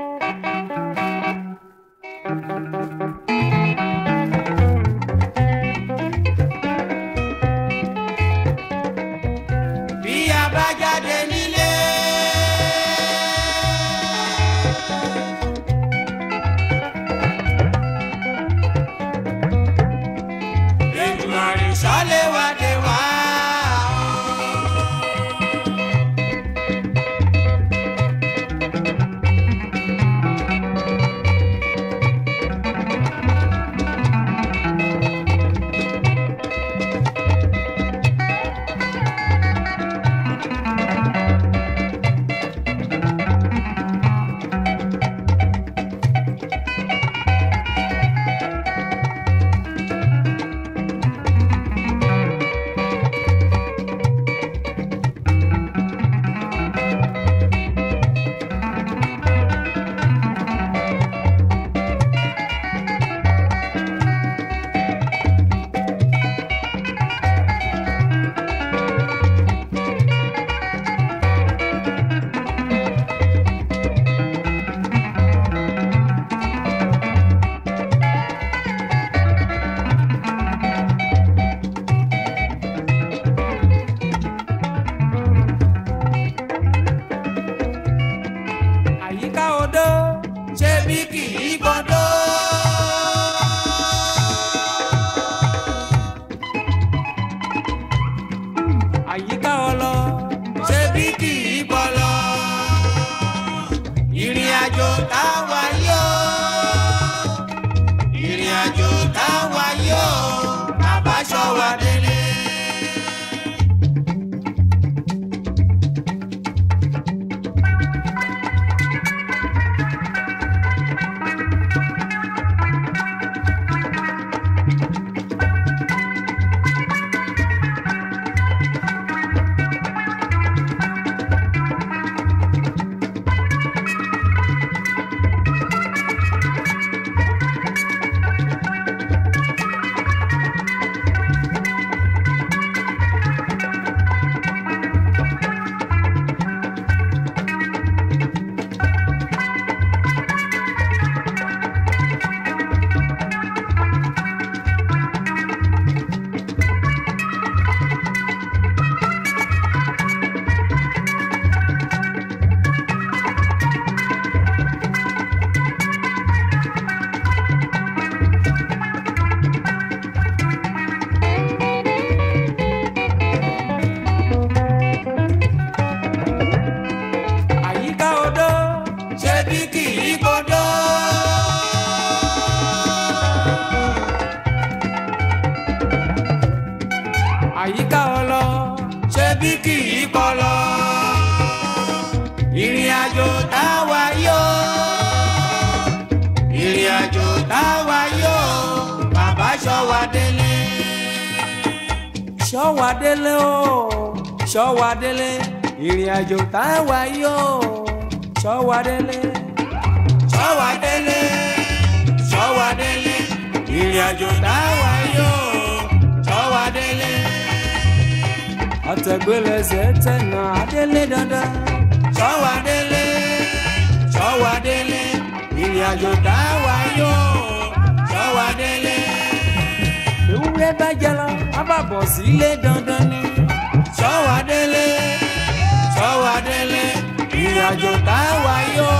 Música bí kì í pọlọ ìrìn àjò tá a wá yọ ìrìn àjò tá a wá yọ bàbá Ṣọwádélé. Ṣọwádélé o Ṣọwádélé ìrìn àjò tá a wá yọ Ṣọwádélé. Ṣọwádélé Ṣọwádélé ìrìn àjò tá a wá yọ. àtẹ̀gbẹ́lẹsẹ̀ tẹ̀nà adélé dandan. ṣọ́wá délé ṣọ́wá délé ìrìn àjò tá a wá yó ṣọ́wá délé. ewúrẹ́ bá jẹlọ a bá bọ̀ sílé dandan ni. ṣọ́wá délé ṣọ́wá délé ìrìn àjò tá a wá yó.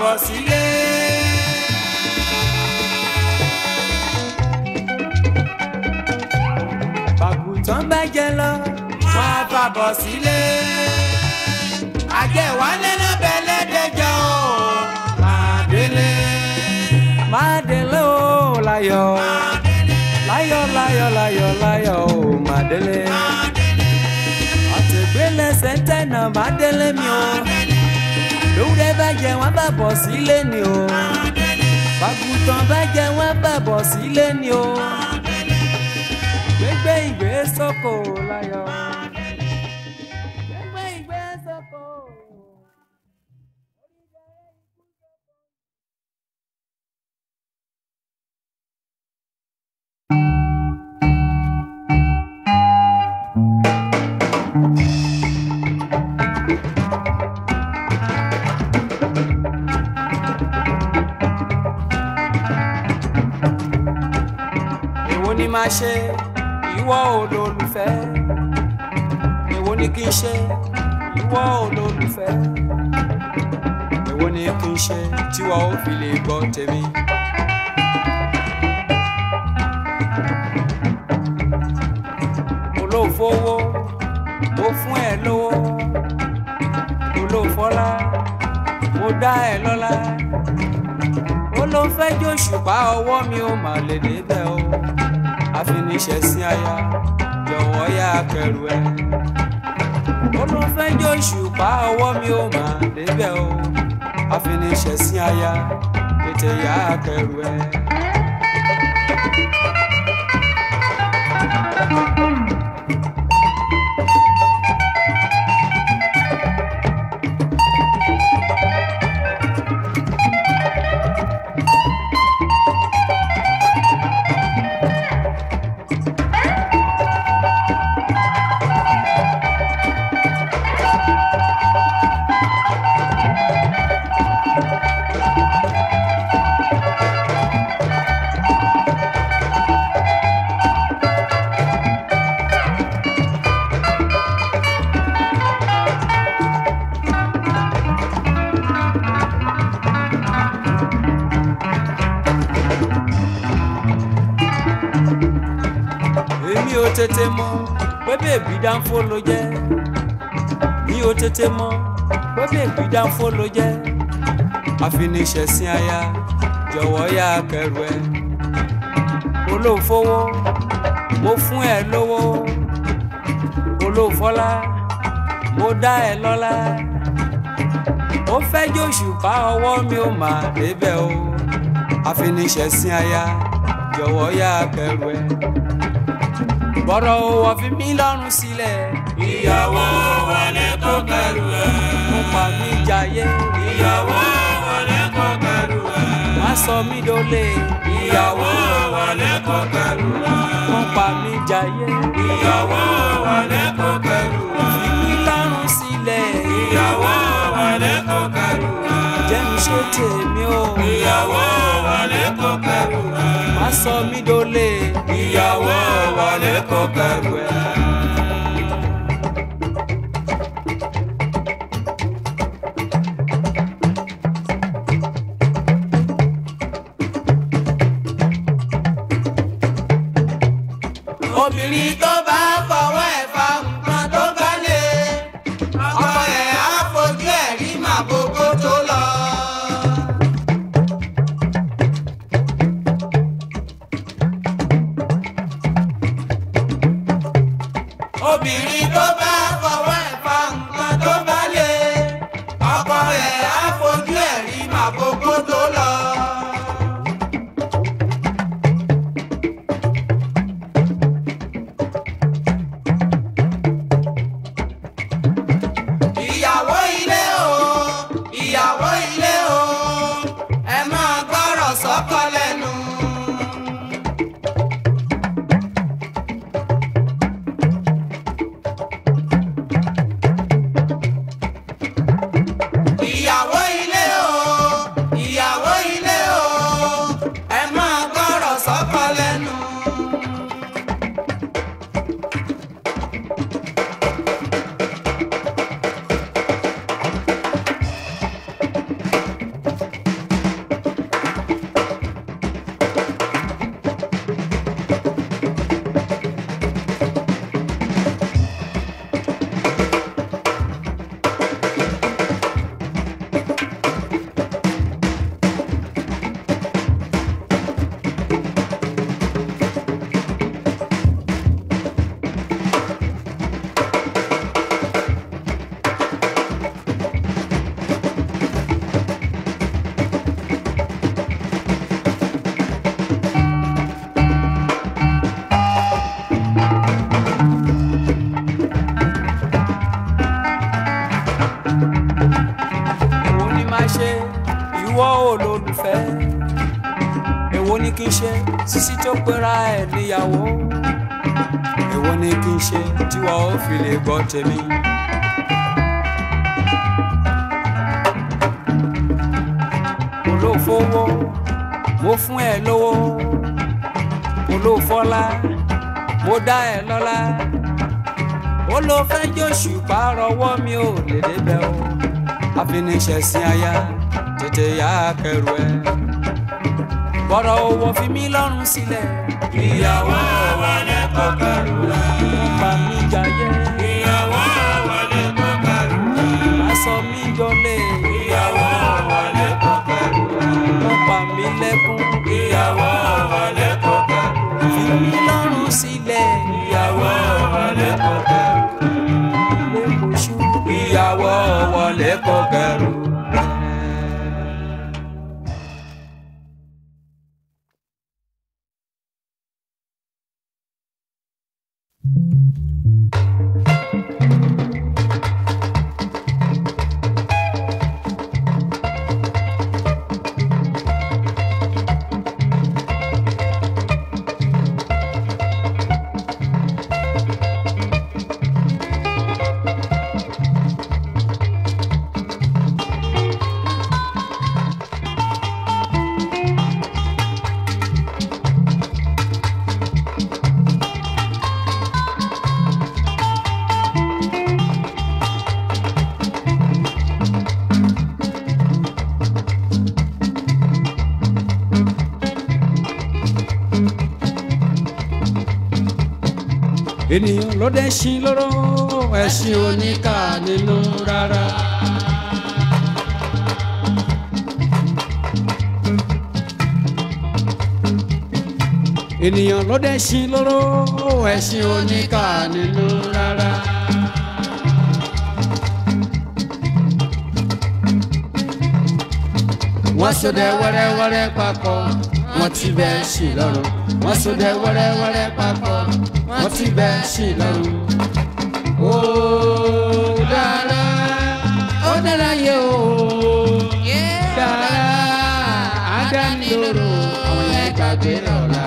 bọ̀ sílé. bàgùntàn bá jẹ lọ wọn á fà bọ̀ sílé. àjẹwálé náà bẹ̀lẹ́ dẹjọ́ o máa délé. máa délé o láyọ̀ láyọ̀ láyọ̀ láyọ̀ láyọ̀ o máa délé. ọ̀tẹ̀gbẹ́lẹ̀ sẹ́ńtẹ̀ náà máa délé mi o bá jẹ wọ́n bá bọ̀ sílé ni o. bàgùtàn bá jẹ wọ́n bá bọ̀ sílé ni o. gbégbé ìgbé láyọ̀. máa ṣe ìwọ olólùfẹ́ èwo ni kí n ṣe ìwọ olólùfẹ́ èwo ni kí n ṣe tí wọn ò fi lè gbọ́ tèmi. olófowó mo fún ẹ lówó olófọlá mo dá ẹ lọ́lá ó ló ń mi ò mà lè débẹ̀ o àfiníṣẹ́ sí aya jọ̀wọ́ yá kẹrù ẹ. ó ló fẹ́ jó ṣùpá ọwọ́ mi ò mà débẹ̀ o àfiníṣẹ́ sí aya tètè yá kẹrù ẹ. bèbí dánfó ló jẹ́ mi ò tètè mọ̀ pé bèbí dánfó ló jẹ́ àfiniṣẹ̀sìn aya jọ̀wọ́ yá kẹrù ẹ olóòfowó mo fún ẹ lówó olóòfọlá mo dá ẹ lọ́lá ó fẹ́ jòṣùpá ọwọ́ mi ò mà débẹ̀ o àfiniṣẹ̀sìn aya jọ̀wọ́ yá kẹrù ẹ bọ́rọ̀ o wọ́n fi mí lọ́rùn sílẹ̀. ìyàwó wọlé kó kẹrù ẹ̀. mo pa mí jayé. ìyàwó wọlé kó kẹrù ẹ̀. má sọ mí dolè. ìyàwó wọlé kó kẹrù ẹ̀. mo pa mí jayé. ìyàwó wọlé kó kẹrù ẹ̀. fi mí lọ́rùn sílẹ̀. ìyàwó wọlé kó kẹrù ẹ̀. jẹ́ mi ṣe tèmi o. ìyàwó aṣọ mi dolè. ìyàwó wa lẹ́kọ̀ọ́ kẹwẹ́. níyàwó èwo ni kí n ṣe tí wàá ó fi lè gbọ́ tèmi. olófowó mo fún ẹ lówó olófọlá mo dá ẹ lọ́lá olófẹ́ jòṣù pàrọwọ́ mi ò lè débẹ̀ o àfiníṣẹ̀sìn aya tètè yá kẹrù ẹ bọ́rọ̀ owó fi mí lọ́rùn sílẹ̀ ìyàwó àwàlẹ̀ kọkàrúwà. bá mi jayé. ìyàwó àwàlẹ̀ kọkàrúwà. má sọ mí jọlẹ̀. ìyàwó àwàlẹ̀ kọkàrúwà. mo pa mí lẹ́kún. ìyàwó àwàlẹ̀ kọkàrúwà. fi mí lọ́rùn sílẹ̀. ìyàwó àwàlẹ̀ kọkàrúwà. ilé ènìyàn ló dé ṣin lóró ẹṣin oníkà nínú rárá. ènìyàn ló dé ṣin lóró ẹṣin oníkà nínú rárá. wọ́n ṣọdẹ wẹ́rẹ́wẹ́rẹ́ papọ̀ wọ́n ti bẹ́ẹ̀ ṣì lọ́rùn wọ́n sọdẹ wẹ́rẹ́wẹ́rẹ́ papọ̀ wọ́n ti bẹ́ sí lọ́rùn. ó dára ó dára yẹ o dára á dá mi lóró àwọn ẹ̀ka gbé lọ́la.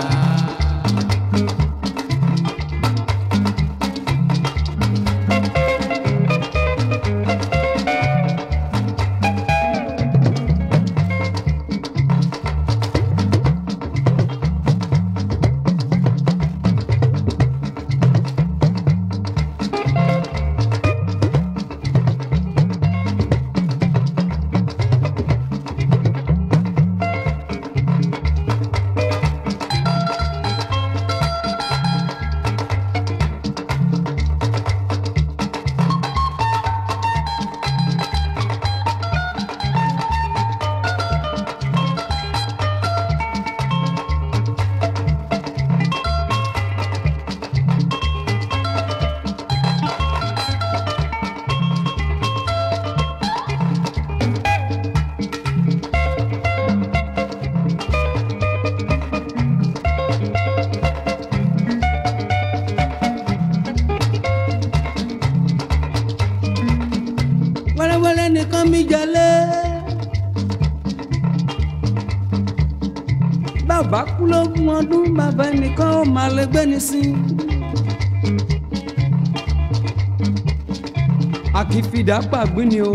bá kú lógún ọdún bàbá ẹnìkan ó máa lè gbé ní sí. àkìfìdá pàgbé ni o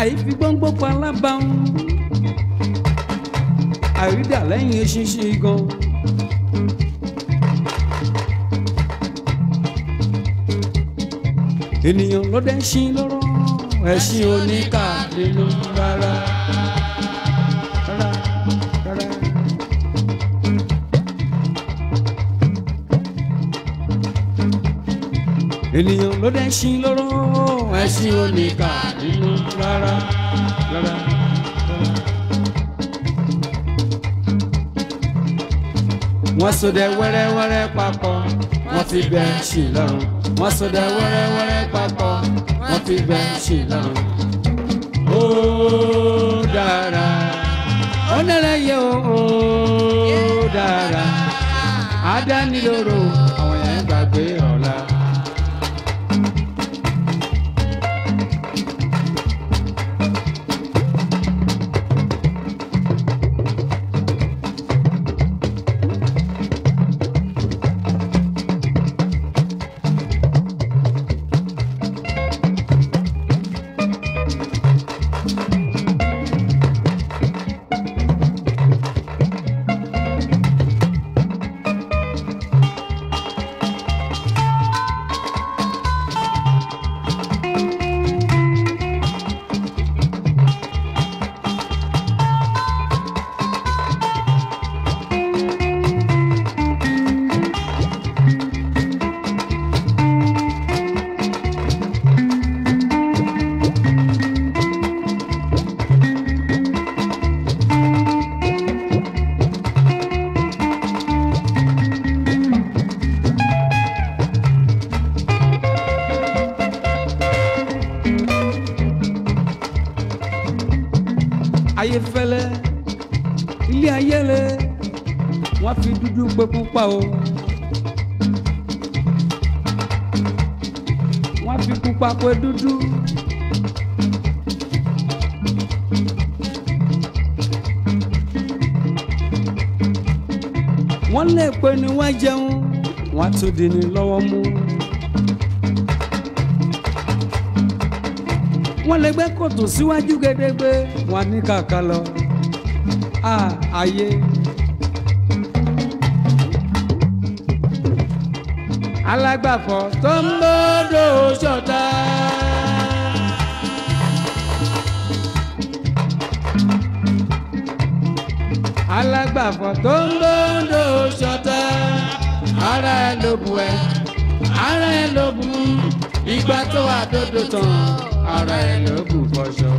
àyífi gbọ́ngbọ́n pa alábàáhùn àrídà lẹ́yìn eṣinṣin gan. ènìyàn lọ́dẹ̀ ṣin lọ́rọ̀ ẹ̀ṣin oníkàdé ló ń rárá. ènìyàn ló dé ṣin lọ́rọ́ ẹṣin ò nínú rárá wọ́n sọdẹ wẹ́rẹ́wẹ́rẹ́ papọ̀ wọ́n fi bẹ́ ṣì lọ́rùn wọ́n sọdẹ wẹ́rẹ́wẹ́rẹ́ papọ̀ wọ́n fi bẹ́ ṣì lọ́rùn. ó dára ọ̀nẹ́rẹ́ yẹ ó dára adánilóró. pa o. wọ́n fi pupa pe dúdú. wọ́n lè pe ni wọ́n jẹun wọ́n tún di ni lọ́wọ́ mú. wọ́n lè gbẹ́ kòtò síwájú gẹ́gẹ́ gbé wọ́n ní kàkà lọ. a ayé. Ah, alágbàfọ̀ tó ń bọ́dọ̀ ṣọ̀tá. alágbàfọ̀ tó ń bọ́dọ̀ ṣọ̀tá ara ẹ ló bu ẹ ara ẹ ló bu ìgbà tó wà dódò tán ara ẹ ló bu fọṣọ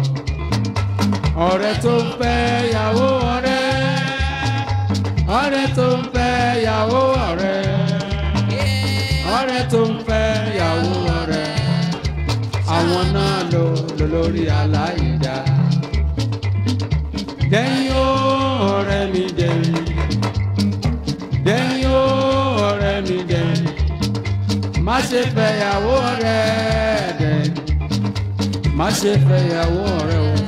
ọ̀rẹ́ tó ń fẹ́ yàwó ọ̀rẹ́ ọ̀rẹ́ tó ń fẹ́ yàwó ọ̀rẹ́ tó ń fẹ́ yàwó rẹ̀ àwọn náà lò lò lórí aláìdá. dẹ́yìn ó ọ̀rẹ́ mi dẹ́yìn dẹ́yìn ó ọ̀rẹ́ mi dẹ́yìn má ṣe fẹ́ yàwó rẹ̀ dẹ́yìn má ṣe fẹ́ yàwó rẹ̀ o.